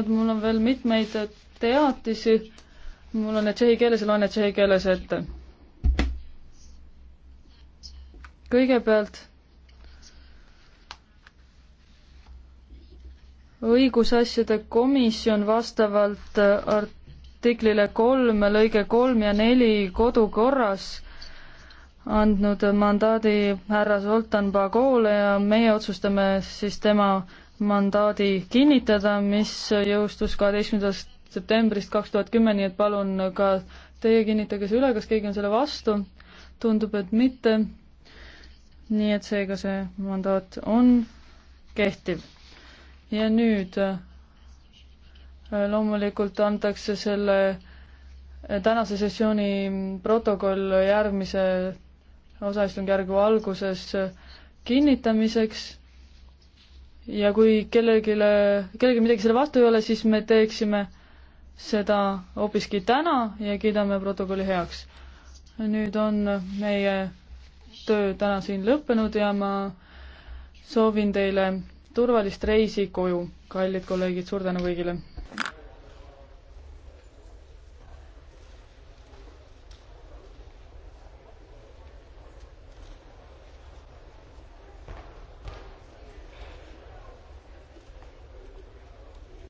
et mul on veel mitmeid teatisi. mul on need tšehhi keeles ja loen need tšehhi keeles ette. kõigepealt õigusasjade komisjon vastavalt artiklile kolm, lõige kolm ja neli kodukorras andnud mandaadi härra Zoltan Bagole ja meie otsustame siis tema mandaadi kinnitada, mis jõustus kaheteistkümnendast septembrist kaks tuhat kümme, nii et palun ka teie kinnitage see üle, kas keegi on selle vastu. tundub, et mitte. nii et seega see mandaat on kehtiv. ja nüüd äh, loomulikult antakse selle äh, tänase sessiooni protokoll järgmise osaistungjärgu alguses äh, kinnitamiseks ja kui kellelgi, kellelgi midagi selle vastu ei ole, siis me teeksime seda hoopiski täna ja kiidame protokolli heaks. nüüd on meie töö täna siin lõppenud ja ma soovin teile turvalist reisi koju, kallid kolleegid, suur tänu kõigile!